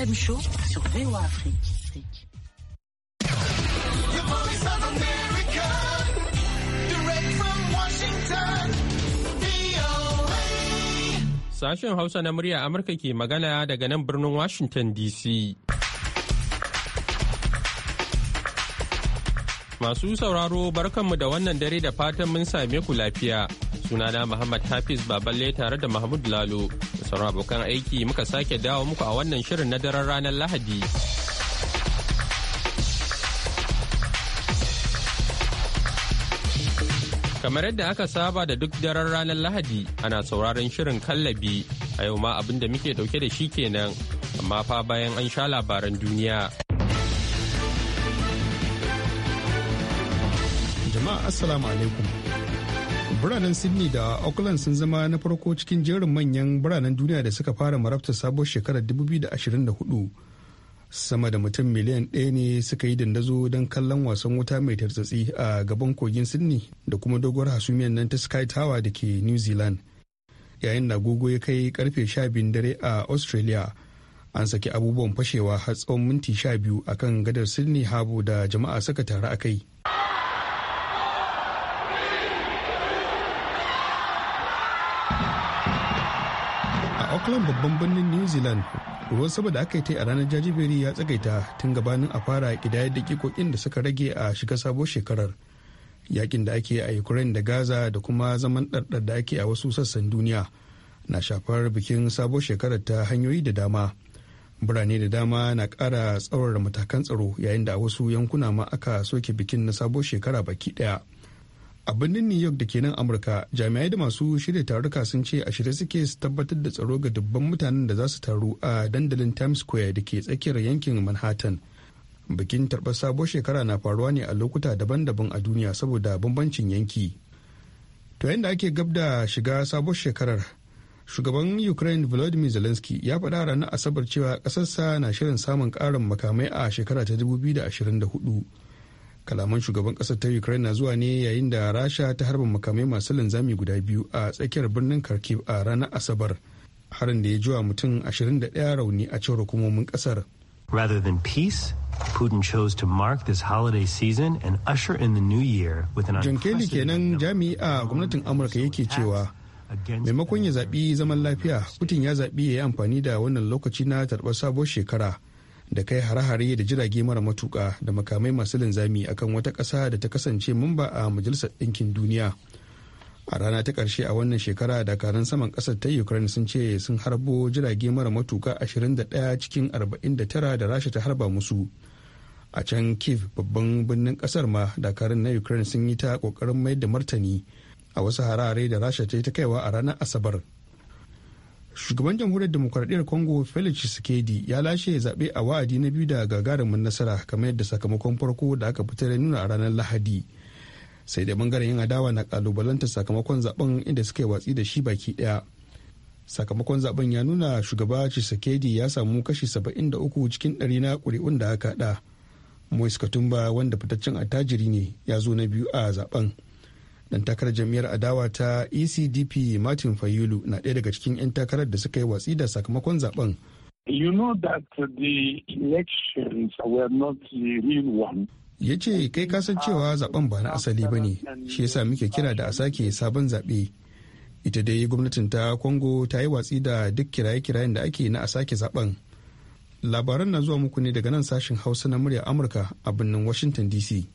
RM Show sur VOA Afrique. Sashen Hausa na murya Amurka ke magana daga nan birnin Washington DC. Masu sauraro barkanmu da wannan dare da fatan mun same ku lafiya. sunana Muhammad Hafiz Baballe tare da Mahmud Lalo da sauran abokan aiki muka sake dawo muku a wannan shirin na daren ranar Lahadi. Kamar yadda aka saba da duk daren ranar Lahadi ana sauraron shirin kallabi a yau ma abinda muke dauke da shi kenan amma fa bayan an sha labaran duniya. Jama'a Assalamu alaikum. biranen sydney da auckland sun zama na farko cikin jerin manyan biranen duniya da suka fara marabta sabuwar shekarar 2024 sama da mutum miliyan ɗaya ne suka yi dandazo don kallon wasan wuta mai tartsatsi a gaban kogin sydney da kuma doguwar hasumiyar nan ta sky tower da ke new zealand yayin da agogo ya kai karfe 12 dare a australia an saki abubuwan fashewa har tsawon minti 12 akan gadar sydney harbour da jama'a suka taru a kai. Auckland babban birnin New Zealand ruwan sama da aka yi ta a ranar jajiberi ya tsagaita tun gabanin a fara kidayar dakikokin da suka rage a shiga sabon shekarar. Yakin da ake a Ukraine da Gaza da kuma zaman ɗarɗar da ake a wasu sassan duniya na shafar bikin sabon shekarar ta hanyoyi da dama. Birane da dama na ƙara tsawar matakan tsaro yayin da a wasu yankuna ma aka soke bikin na sabon shekara baki ɗaya. a birnin new york da ke nan amurka jami'ai da masu shirya taruka sun ce a shirye suke su tabbatar da tsaro ga dubban mutanen da za su taru a dandalin times square da ke tsakiyar yankin manhattan bikin tarbar sabuwar shekara na faruwa ne a lokuta daban-daban a duniya saboda bambancin yanki to yadda ake gab da shiga sabuwar shekarar shugaban ukraine volodymyr zelensky ya faɗa ranar asabar cewa ƙasarsa na shirin samun ƙarin makamai a shekara ta 2024 kalaman shugaban kasar ta ukraine na zuwa ne yayin da rasha ta harba makamai masu linzami guda biyu a tsakiyar birnin kharkiv a ranar asabar harin da ya ji wa mutum 21 rauni a cewar hukumomin kasar rather than peace Putin chose to mark this holiday season and usher in the new year with an John Kelly kenan jami'a a gwamnatin Amurka yake cewa maimakon ya zaɓi zaman lafiya Putin ya zaɓi ya yi amfani da wannan lokaci na tarbar sabuwar shekara da kai hare-hare da jirage mara matuka da makamai masu linzami akan wata ƙasa da ta kasance mamba a majalisar ɗinkin duniya a rana ta ƙarshe a wannan shekara dakarun saman ƙasar ta ukraine sun ce sun harbo jirage mara matuka 21 cikin 49 da rasha ta harba musu a can kiev babban birnin ƙasar ma dakarun na ukraine sun yi ta ƙoƙarin mayar da martani a wasu harare da rasha ta yi ta kaiwa a ranar asabar shugaban jamhuriyar demokuraɗiyyar congo felix tshisekedi ya lashe zaɓe a wa'adi na biyu da gagarumin nasara kamar yadda sakamakon farko da aka fitar nuna a ranar lahadi sai da bangaren yin adawa na kalubalanta sakamakon zaben inda suka yi watsi da shi baki daya sakamakon zaben ya nuna shugaba chisakedi ya samu kashi 73 cikin ɗari na kuri'un da aka haɗa moise katumba wanda fitaccen attajiri ne ya zo na biyu a zaben dan takarar jam'iyyar adawa ta ecdp martin fayulu na ɗaya daga cikin 'yan takarar da suka yi watsi da sakamakon zaben You know that the elections were not the real one. ya ce kai kasan cewa zaben ba na asali ba ne shi yasa muke kira da a sake sabon zaɓe ita dai gwamnatin ta congo ta yi watsi da duk kiraye-kirayen da ake na a sake zaben labaran na zuwa muku ne daga nan sashen hausa na murya amurka a birnin washington dc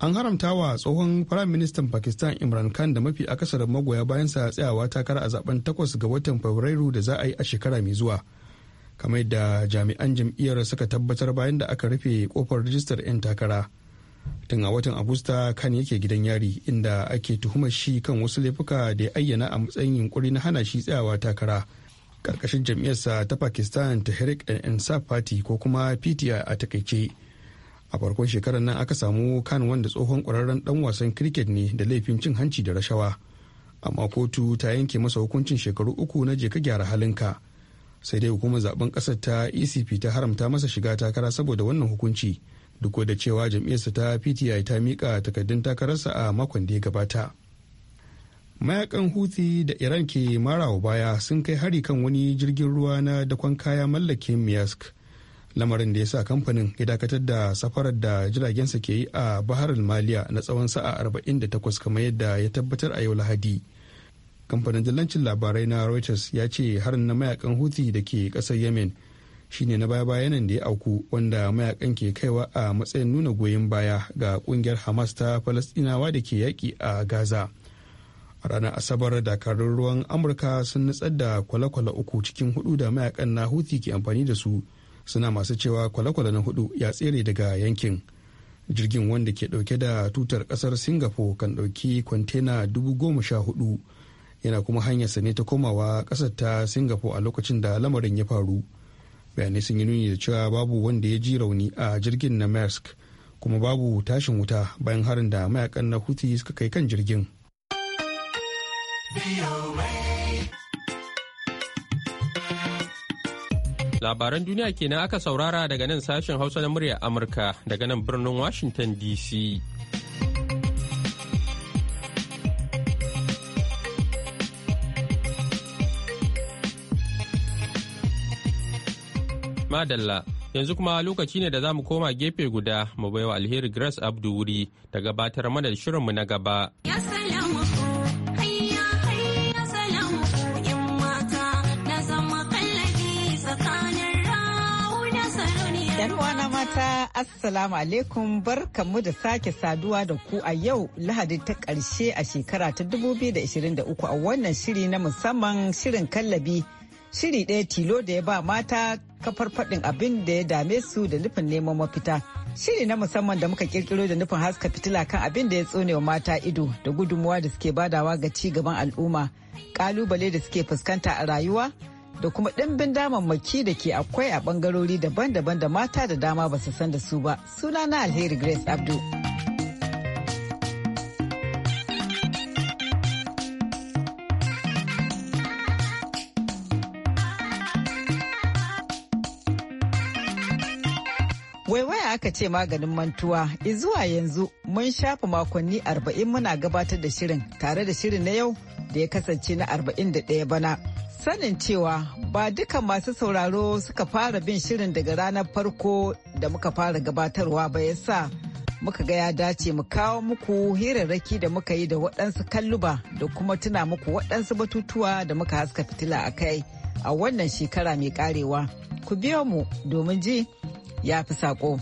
an haramta wa tsohon firayim ministan pakistan imran khan da mafi akasarin magoya bayan sa tsayawa takara a zaben takwas ga watan fabrairu da za a yi a shekara mai zuwa kamar da jami'an jam'iyyar suka tabbatar bayan da aka rufe kofar rijistar 'yan takara tun a watan agusta kan yake gidan yari inda ake tuhumar shi kan wasu laifuka da ya ayyana a matsayin yunkuri na hana shi tsayawa takara karkashin jam'iyyarsa ta pakistan ta herik and insaf party ko kuma pti a takaice a farkon shekarar nan aka samu kan wanda tsohon kwararren dan wasan cricket ne da laifin cin hanci da rashawa amma kotu ta yanke masa hukuncin shekaru uku na jeka gyara halinka sai dai hukumar zaben kasar ta ecp ta haramta masa shiga takara saboda wannan hukunci duk da cewa jam'iyyarsa ta pti ta mika takardun takararsa a makon da ya gabata mayakan huthi da iran ke marawa baya sun kai hari kan wani jirgin ruwa na dakon kaya mallakin miyask lamarin da ya sa kamfanin ya dakatar da safarar da jiragensa ke yi a bahar maliya na tsawon sa'a 48 kamar yadda ya tabbatar a yau lahadi kamfanin dillancin labarai na reuters ya ce harin na mayakan houthi da ke kasar yemen shine na baya bayanan da ya auku wanda mayakan ke kaiwa a matsayin nuna goyon baya ga kungiyar hamas ta falastinawa da ke yaki a gaza a ranar asabar dakarun ruwan amurka sun nutsar da kwale-kwale uku cikin hudu da mayakan na houthi ke amfani da su suna masu cewa kwale-kwale na hudu ya tsere daga yankin jirgin wanda ke dauke da tutar kasar singapore kan dauki kwantena dubu hudu yana kuma hanyarsa ne ta komawa kasar ta singapore a lokacin da lamarin ya faru bayanai sun yi nuni da cewa babu wanda ya ji rauni a jirgin na maersk kuma babu tashin wuta bayan harin da mayakan na huti suka kai kan jirgin. Labaran duniya kenan aka saurara daga nan sashen Hausa na muryar Amurka daga nan birnin Washington DC. Madalla, yanzu kuma lokaci ne da za mu koma gefe guda mu bai wa alheri Grace Abdu wuri da gabatar mana shirinmu na gaba. Yes, Assalamu alaikum kamu da sake saduwa da ku a yau lahadi ta karshe a shekara ta 2023 a wannan shiri na musamman shirin kallabi shiri ɗaya tilo da ya ba mata kafar faɗin abin da ya dame su da nufin neman mafita. Shiri na musamman da muka kirkiro da nufin haska fitila kan abin da ya tsone wa mata ido da gudunmuwa da suke badawa ga ci gaban al'umma, ƙalubale da suke fuskanta a rayuwa da kuma ɗimbin damammaki da ke akwai a ɓangarori daban-daban da mata da dama ba su san da su ba. Suna na Alheri Grace Abdu. Waiwaya aka ce maganin mantuwa, zuwa yanzu mun shafa makonni arba'in muna gabatar da shirin tare da shirin na yau da ya kasance na arba'in da ɗaya bana. sanin cewa ba duka masu sauraro suka fara bin shirin daga ranar farko da muka fara gabatarwa ba yasa muka ga ya dace mu kawo muku hirarraki da muka yi da waɗansu kalluba da kuma tuna muku waɗansu batutuwa da muka haska fitila a kai a wannan shekara mai karewa ku biyo mu domin ji ya fi sako.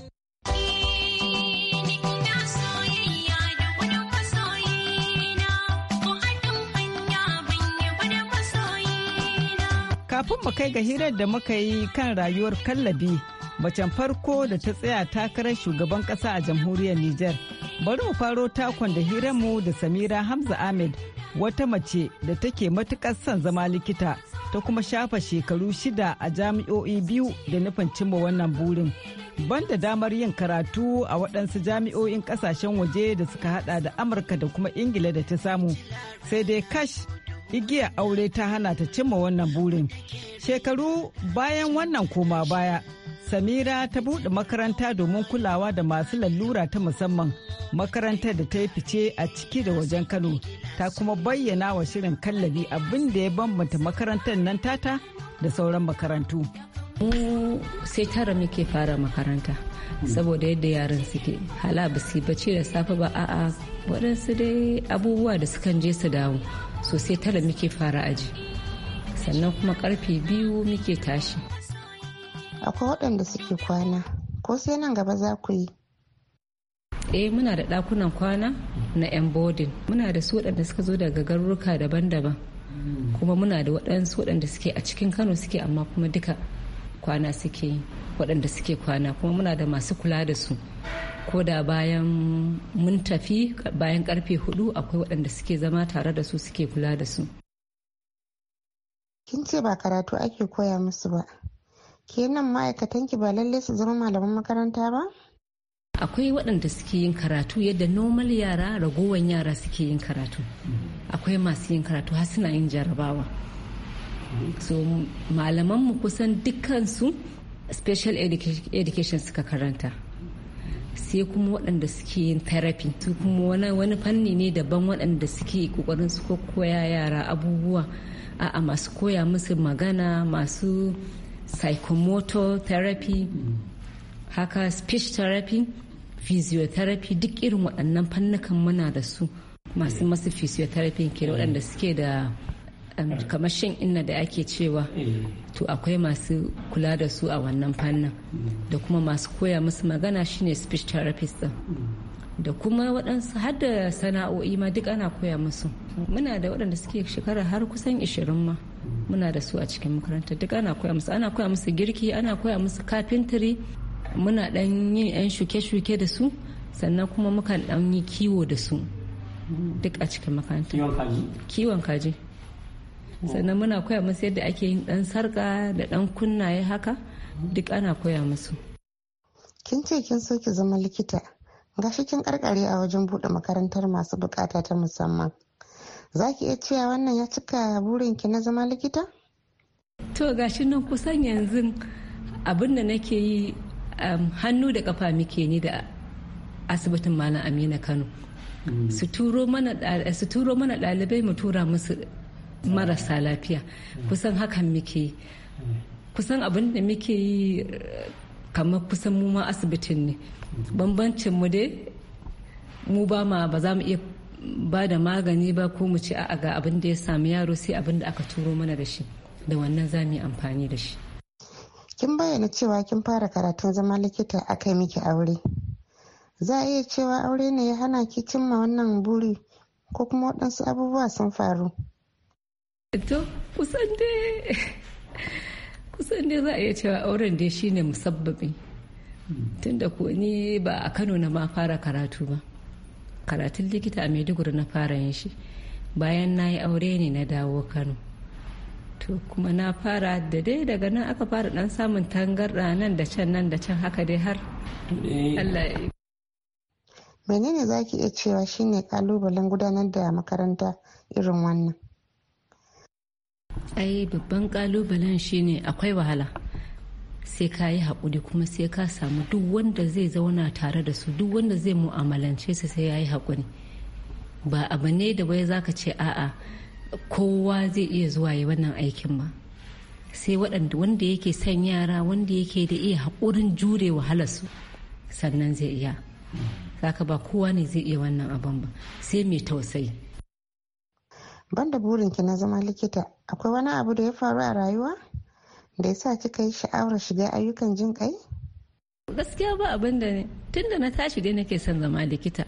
kafin mu kai ga hirar da muka yi kan rayuwar kallabi macen farko da ta tsaya takarar shugaban kasa a jamhuriyar Nijar. Bari mu faro takon da hiranmu da Samira Hamza Ahmed wata mace da take matukar son zama likita ta kuma shafa shekaru shida a jami'o'i biyu da nufin cimma wannan burin. Banda damar yin karatu a waɗansu jami'o'in ƙasashen waje da suka haɗa da Amurka da kuma Ingila da ta samu. Sai dai kash igiya aure ta hana ta cimma wannan burin shekaru bayan wannan koma baya samira ta buɗe makaranta domin kulawa da masu lalura ta musamman makarantar da ta yi fice a ciki da wajen kano ta kuma bayyana wa shirin kallabi abin da ya bambanta makarantar nan tata da sauran makarantu mu sai tara muke fara makaranta saboda yadda yaran suke hala ba su bace da safe ba a'a waɗansu dai abubuwa da sukan je su dawo sosai sai tara muke fara aji sannan kuma karfe biyu muke tashi akwai waɗanda suke kwana ko sai nan gaba za ku yi eh muna da ɗakunan kwana na yan bodin muna da su waɗanda suka zo daga garuruka daban-daban kuma muna da waɗansu waɗanda suke a cikin kano suke amma kuma duka kwana suke waɗanda suke kwana kuma muna da masu kula da su ko da bayan mun tafi bayan karfe hudu akwai waɗanda suke zama tare da su suke kula da su kin ce ba karatu ake koya musu ba kenan ki ba lallai su zama malaman makaranta ba akwai waɗanda suke yin karatu yadda normal yara ragowar yara suke yin karatu akwai masu yin karatu har suna yin jarabawa so malamanmu kusan dukkansu special education suka karanta sai kuma waɗanda suke yin therapy su kuma wani fanni ne daban waɗanda suke ƙoƙarin su koya yara abubuwa a'a masu koya musu magana masu psychomotor therapy haka speech therapy physiotherapy duk irin waɗannan fannukan muna da su masu masu physiotherapy ke waɗanda suke da kamar shan inna da ake cewa to akwai masu kula da su a wannan fannin da kuma masu koya musu magana shine speech therapist din da kuma waɗansu har da sana'o'i ma duk ana koya musu muna da waɗanda suke shekara har kusan 20 ma muna da su a cikin makaranta duk ana koya musu ana koya musu girki ana koya musu kafintiri muna ɗan yin 'yan shuke-shuke da su sannan kuma mukan ɗan yi kiwo da su duk a cikin makaranta kiwon kaji sannan muna koya musu yadda ake yin dan sarka da dan kunnaye haka duk ana koya musu kin ce kin so ki zama likita gashi kin karkare a wajen bude makarantar masu bukata ta musamman za ki iya cewa wannan ya cika burin ki na zama likita to gashi nan kusan yanzu abin da nake yi hannu da kafa muke ni da asibitin malam amina kano mm. su turo mana ɗalibai mu tura musu marasa lafiya kusan hakan muke yi kusan abin da muke yi eh, kamar kusan mu ma asibitin ne bambancin mu dai mu ba ma ba za mu iya ba da magani ba ko mu ci a'a ga abin da ya sami yaro sai abin da aka turo mana da shi da wannan za mu yi amfani da shi kin bayyana cewa kin fara karatun zama likita aka miki aure za a iya cewa aure ne ya hana ki cimma wannan buri ko kuma waɗansu abubuwa sun faru to kusan dai kusan dai za a iya cewa auren dai ne musabbabi tun da ni ba a kano na ma fara karatu ba karatun likita a maiduguri na fara yin shi bayan na yi aure ne na dawo kano to kuma na fara da dai daga nan aka fara dan samun tangarɗa nan da can nan da can haka dai har eh. allah menene za ki iya cewa shine kalubalen gudanar da makaranta irin wannan ai babban kalubalen shine akwai wahala sai ka yi haƙuri kuma sai ka samu duk wanda zai zauna tare da su duk wanda zai mu'amalance su sai ya yi haƙuri ba abu ne da wai zaka ce a'a kowa zai iya zuwa yi wannan aikin ba sai waɗanda wanda yake son yara wanda yake da iya haƙurin jure wahalarsu sannan zai iya zaka ba kowa ne zai iya wannan abin ba sai mai tausayi banda burinki na zama likita akwai wani abu da ya faru a rayuwa da ya sa kika yi sha'awar shiga ayyukan jin kai gaskiya ba abin da ne tun da na tashi dai nake son zama likita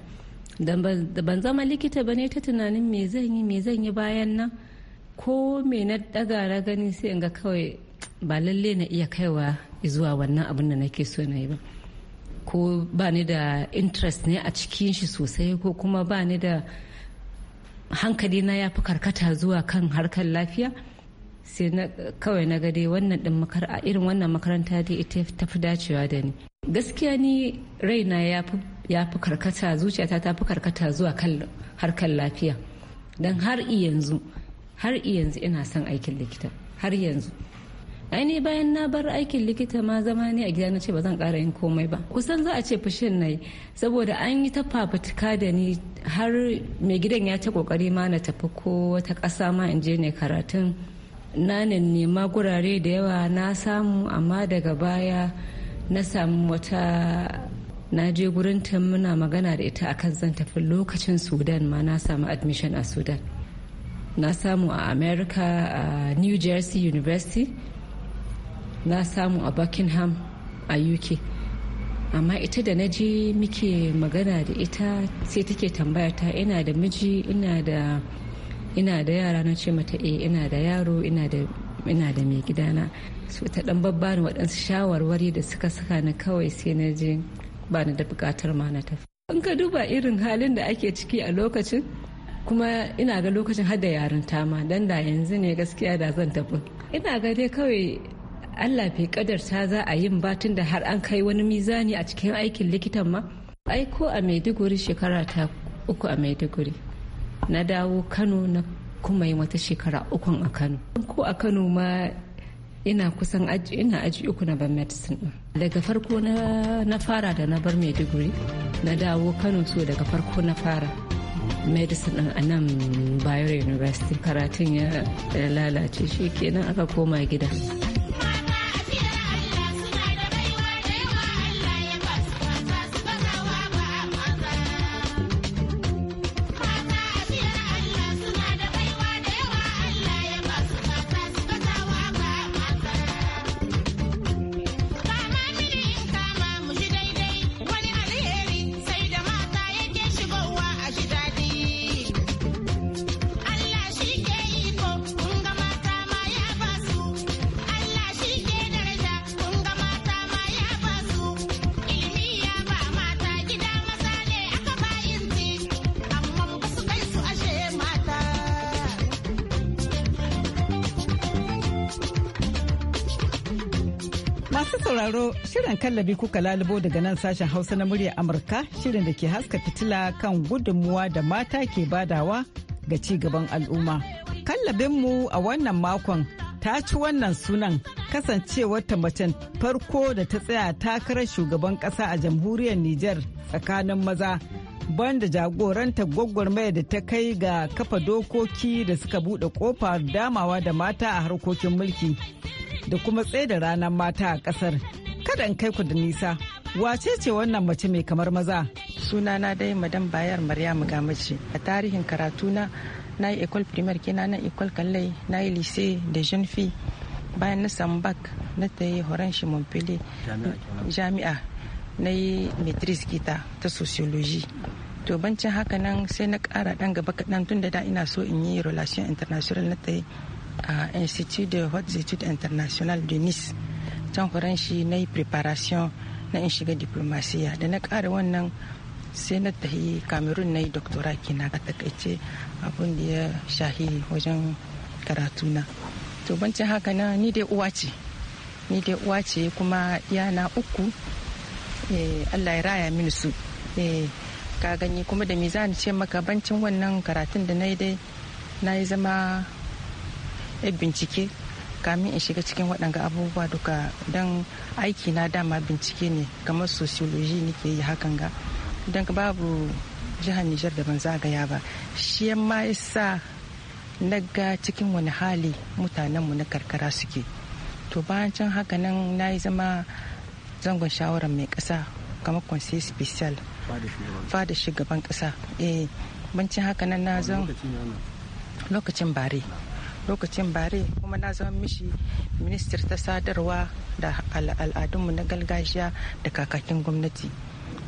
da ban zama likita ba ne ta tunanin me zan yi me zan yi bayan nan ko me na daga na gani sai in ga kawai ba lalle na iya kaiwa zuwa wannan abin da nake so na yi ba ko ba ni da interest ne a cikin shi sosai ko kuma ba ni da hankali na ya fi karkata zuwa kan harkar lafiya sai na kawai na gade wannan din a irin wannan makaranta dai ita ta fi dacewa da ni gaskiya ni raina ya fi karkata zuciyata ta fi karkata zuwa kan harkar lafiya don har yanzu har yanzu ina son aikin likita har yanzu aini bayan na bar aikin likita ma zama ne a gida na ce ba zan kara yin komai ba kusan za a ce fushin yi saboda an yi ta fafutuka da ni har mai gidan ya ta kokari ma na tafi ko wata ƙasa ma in je ne karatun na nema gurare da yawa na samu amma daga baya na samu wata na je gurin ta muna magana da ita akan zan tafi lokacin sudan ma na samu admission a sudan na samu a america a new jersey university na samu a buckingham a uk amma ita da na je muke magana da ita sai take tambaya ta ina da miji ina da ina da yara na ce mata eh ina da yaro ina da mai gidana su ta dan waɗansu shawarwari da suka saka ni kawai sai na je ba ni da bukatar ma na tafi in ka duba irin halin da ake ciki a lokacin kuma ina ga lokacin har da yarinta ma dan da yanzu ne gaskiya da zan tafi ina ga dai kawai Allah kadar kadarta za a yin batun da har an kai wani mizani a cikin aikin likitan ma aiko a maiduguri shekara ta uku a maiduguri na dawo kano na kuma yi wata shekara ukun a kano ko a kano ma ina kusan aji ina aji uku na ban medicine din daga farko na, na fara da na bar maiduguri na dawo kano so daga farko na fara medicine din a nan bayero university karatun ya lalace shi kenan aka koma gida sauraro shirin kallabi kuka lalubo daga nan sashen hausa na murya amurka shirin da ke haska fitila kan gudunmuwa da mata ke badawa ga ci gaban al'umma kallabinmu a wannan makon ta ci wannan sunan kasancewar ta macen farko da ta tsaya takarar shugaban kasa a jamhuriyar niger tsakanin maza banda jagoranta gwagwarmaya da ta kai ga kafa dokoki da suka buɗe kofar damawa da mata a harkokin mulki da kuma tsaye da ranar mata a kasar kada in kai ku da nisa wace ce wannan mace mai kamar maza suna na dai madan bayar maryamu gamace a tarihin karatuna na yi école primaire kina na école kallai na yi lycée da jeune bayan na samu bac na ta yi horon shi jami'a na yi maitris kita ta sociologie to bancin haka nan sai na kara dan gaba kaɗan tun da ina so in yi relation international na ta yi a institut de hautes études internationales de nice can faranshi na yi preparation na in shiga diplomasiya da na kara wannan sai na tafi cameroon na yi doctora kina a takaice abin da ya shahi wajen karatuna to bancin haka na ni dai uwa ce ni dai uwa ce kuma yana uku eh, allah ya raya mini su eh, ka gani kuma da me za ce maka bancin wannan karatun da na yi dai na yi zama ya bincike kamin in shiga cikin waɗanga abubuwa duka don aiki na dama bincike ne kamar sociology nake yi hakan ga don babu jihar nijar da ban zagaya ba shi ma yasa na ga cikin wani hali mutanenmu na karkara suke to bayan can haka nan na yi zama zangon shawarar mai kasa kamar conseil special fada shugaban ƙasa eh bancin haka nan na zan lokacin bare lokacin bare kuma na zama mishi ministar ta sadarwa da al'adunmu na gargajiya da kakakin gwamnati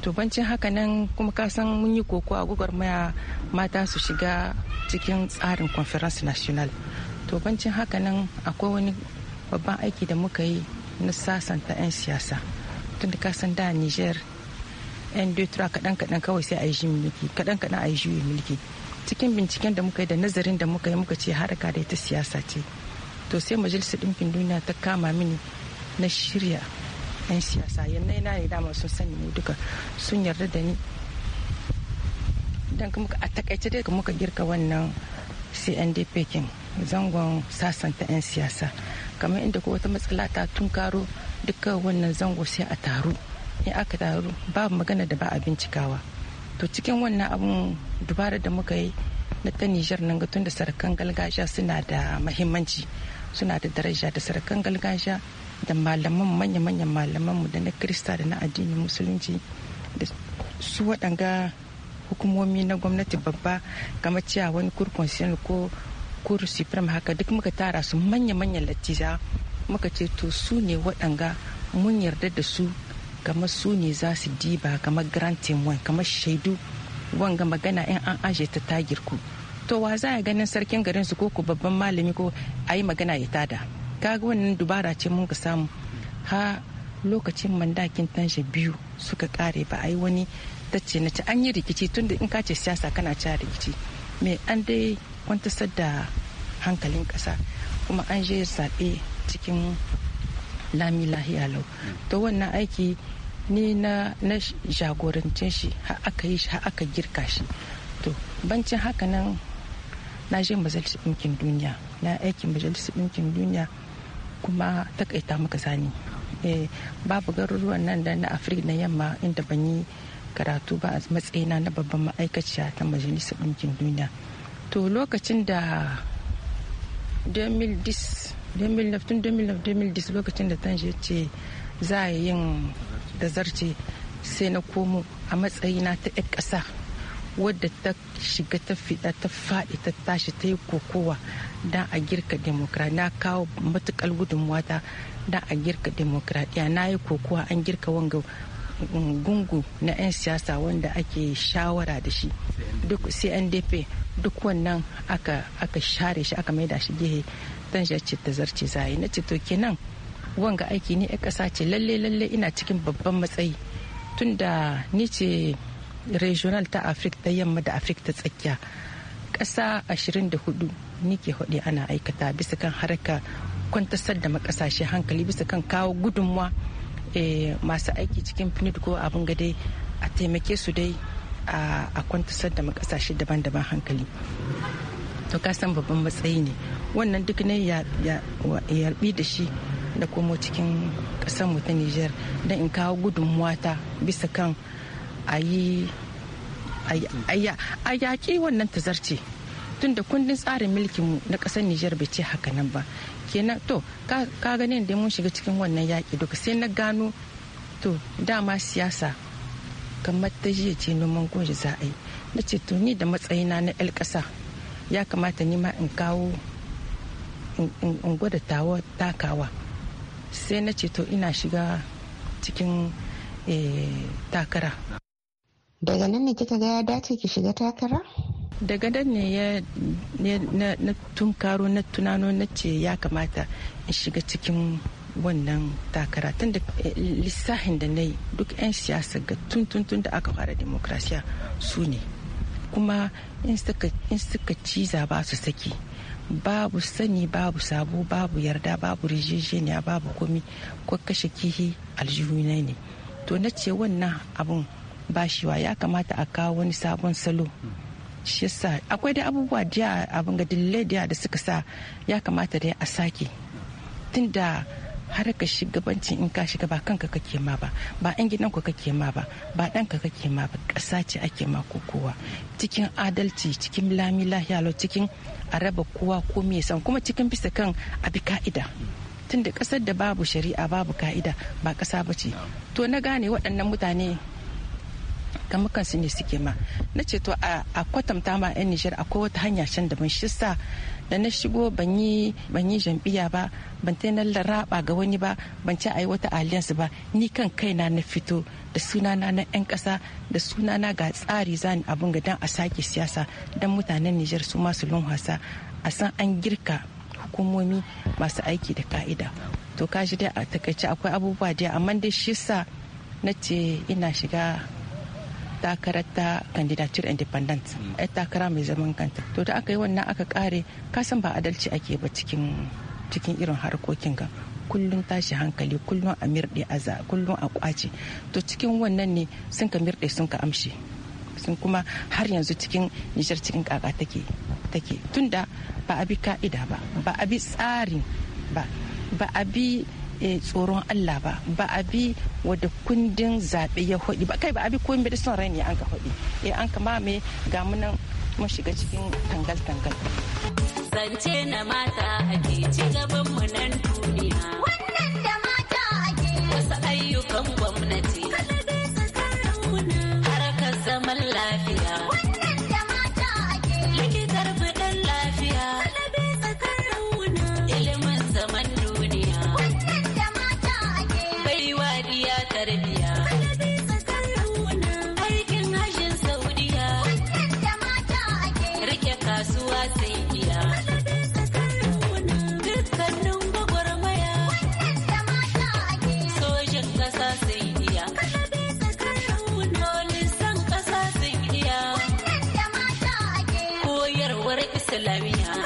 tubancin haka nan kuma kasan mun yi koko a gwagwarmaya mata su shiga cikin tsarin conference national tubancin haka nan akwai wani babban aiki da muka yi na sasanta 'yan siyasa tun da kasan da niger 'yan dutura kadan kadan kawai sai a yi mulki kadan kadan a yi mulki cikin binciken da muka yi da nazarin da muka yi muka ce haraka da ita siyasa ce to sai majalisar ɗinkin duniya ta kama mini na shirya 'yan siyasa yana yana ne dama sun sani mu duka sun yarda da ni don muka a takaice dai muka girka wannan cndp kin zangon sasanta 'yan siyasa kamar inda ko wata matsala ta tunkaro duka wannan zango sai a taru in aka taru babu magana da ba a bincikawa to cikin wannan abun dubara da muka yi na ta nijar nan tun da sarakan gargajiya suna da mahimmanci suna da daraja da sarakan gargajiya da malaman manya-manyan mu da na krista da na addinin musulunci da su waɗanga hukumomi na gwamnati babba kamar cewa wani kur ko kuru supreme haka duk muka tara su manya-manyan lattiza muka ce to su ne waɗanga mun yarda da su kamar su ne za su diba kamar grantin wan kamar shaidu wanga magana in an aje ta tagirku to wa za a ganin sarkin garin su ko ku babban malami ko a yi magana ya tada kaga wannan dubara ce mun ka samu ha lokacin mandakin tanshe biyu suka kare ba a yi wani tace na ci an yi rikici tunda in ka ce siyasa kana ci rikici mai an dai kwantasar da hankalin kasa kuma an je zaɓe cikin lami lahiya lau to wannan aiki ni na jagorance shi har aka yi shi har aka girka shi to bancin haka nan na je majalisar ɗinkin duniya na aiki majalisar ɗinkin duniya kuma takaita maka sani eh, babu garuruwan nan da na afirka na yamma inda ban yi karatu ba a matsayina na babban ma'aikaciya ta majalisar ɗinkin duniya to lokacin da 2010 2009 tun 2010 lokacin da tanje ce za a yin da zarce sai na komo a matsayina ta 'yan ƙasa wadda ta shiga ta fita ta faɗi ta tashi ta yi kokowa don a girka demokradiya na kawo matukar gudunmuwata don a girka demokradiya na yi kokowa an girka wanga gungu na 'yan siyasa wanda ake shawara da shi duk cndp duk wannan aka share shi aka maida shi gehe dan shi ce ta zarce zai na ce to kenan wanga aiki ne a kasa ce lalle lalle ina cikin babban matsayi tunda ni ce regional ta afrik ta yamma da afrik ta tsakiya ƙasa 24 ni ke hudu ana aikata bisa kan haraka kwantasar da makasashe hankali bisa kan kawo gudunmuwa eh, masu aiki cikin finid e ko abin gade a taimake su dai a kwantasar da makasashe daban-daban hankali to ka san babban matsayi ne wannan duk ne ya yarbi da shi da komo cikin kasar mu ta niger don in kawo gudunmuwa ta bisa kan a yi a yaƙi wannan zarce tun da kundin tsarin mulkinmu na ƙasar Nijar bai ce haka nan ba kenan to ka gani da mun shiga cikin wannan yaƙi duka sai na gano to dama siyasa kamar ta ce noman goji za yi na ce to ni da matsayina na 'yan ƙasa ya kamata ni ma in kawo in gwada tawa takawa sai na ce to ina shiga cikin eh, takara daga nan ne kika ga ya dace ki shiga takara daga nan ne ya na tunkaro na tunano na ce ya kamata in shiga cikin wannan takara tun da eh, lissahin da na yi duk 'yan siyasa ga tun tun da aka fara demokrasiya su ne kuma in suka ciza ba su saki babu sani babu sabo babu yarda babu rijijeniya babu komi ko kashe kihi aljihuna ne to na ce wannan abun shiwa ya kamata a kawo wani sabon salo shi yasa akwai da abubuwa da abin ga dillai da suka sa ya kamata dai a sake tunda har harkar shugabanci in ka shiga ba kanka kake ma ba ba ɗan gidan ku kake ma ba ba ka kake ma ba ƙasa ce ake ma ko kowa cikin adalci cikin lami lahiya cikin a raba kowa ko me san kuma cikin bisa kan abi ka'ida tunda ƙasar da babu shari'a babu ka'ida ba ƙasa ba ce to na gane waɗannan mutane kamar su ne suke ma na ce to a kwatanta ma 'yan nijar akwai wata hanya can ban shi sa da na shigo ban yi jam'iyya ba ban ta na raba ga wani ba ban ci a yi wata alliance ba ni kan kaina na fito da sunana na 'yan ƙasa da sunana ga tsari zani abun ga don a sake siyasa don mutanen nijar su masu lunhasa a san an girka hukumomi masu aiki da ka'ida to kashi dai a takaice akwai abubuwa dai amma dai shi sa na ce ina shiga takarar ta candidature independent mm. yar takara mai zaman kanta to da aka yi wannan aka kare kasan ba adalci ake ba cikin cikin irin harkokin ga kullum tashi hankali kullum a mirɗe a za kullum a kwace to cikin wannan ne sun ka mirɗe sun ka amshi. sun kuma har yanzu cikin nijar cikin kaka take take tunda ba a bi ka'ida ba ba a bi tsari ba ba a bi Eh, tsoron Allah ba ba a bi wadda kundin zaɓe ya hudu ba kai ba a bi bai da son rai ne an ka hudu eh an kama mame ga munan mun shiga cikin tangal tangal zance na mata a ci gaban mu nan duniya Caribbean.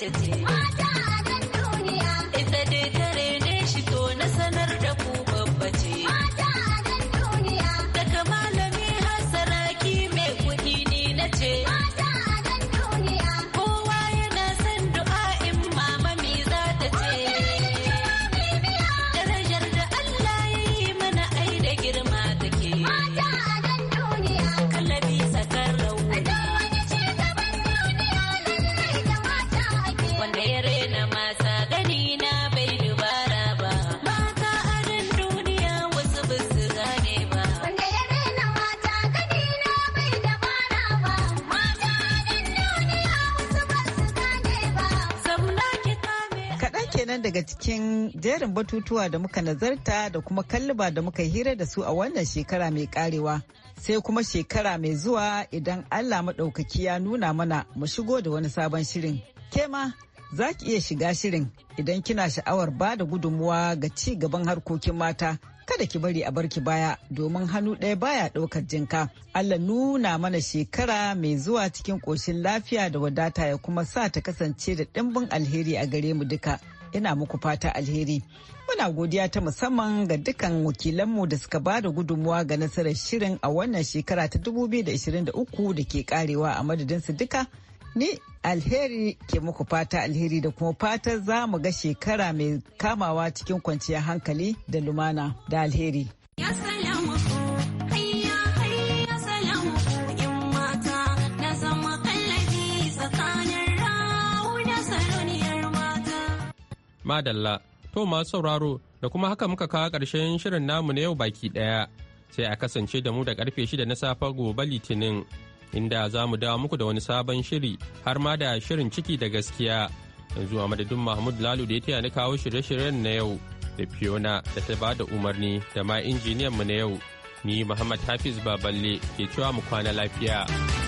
City. kaɗan daga cikin jerin batutuwa da muka nazarta da kuma kalliba da muka hira da su a wannan shekara mai karewa. Sai kuma shekara mai zuwa idan Allah maɗaukaki ya nuna mana mu shigo da wani sabon shirin. Kema za ki iya shiga shirin idan kina sha'awar ba da gudunmuwa ga ci gaban harkokin mata kada ki bari a barki baya domin hannu ɗaya baya ɗaukar jinka. Allah nuna mana shekara mai zuwa cikin ƙoshin lafiya da wadata ya kuma sa ta kasance da ɗimbin alheri a gare mu duka. ina muku fata alheri. Muna godiya ta musamman ga dukkan wakilanmu da suka ba da gudunmuwa ga nasarar shirin a wannan shekara ta 2023 da ke karewa a madadin su duka. Ni alheri ke muku fata alheri da kuma fata za mu ga shekara mai kamawa cikin kwanciyar hankali da lumana da alheri. Yes, Madalla, to masu sauraro da kuma haka muka kawo ƙarshen shirin namu na yau baki ɗaya. Sai a kasance da mu da karfe shida na safa gobe Litinin, inda za mu dawo muku da wani sabon shiri har ma da shirin ciki da gaskiya. Yanzu a madadin Mahmud Lalu da ya taya ni kawo shirye-shiryen na yau da Fiona da ta bada umarni da ma injiniyan mu na yau. Ni Muhammad Hafiz Baballe ke cewa mu kwana lafiya.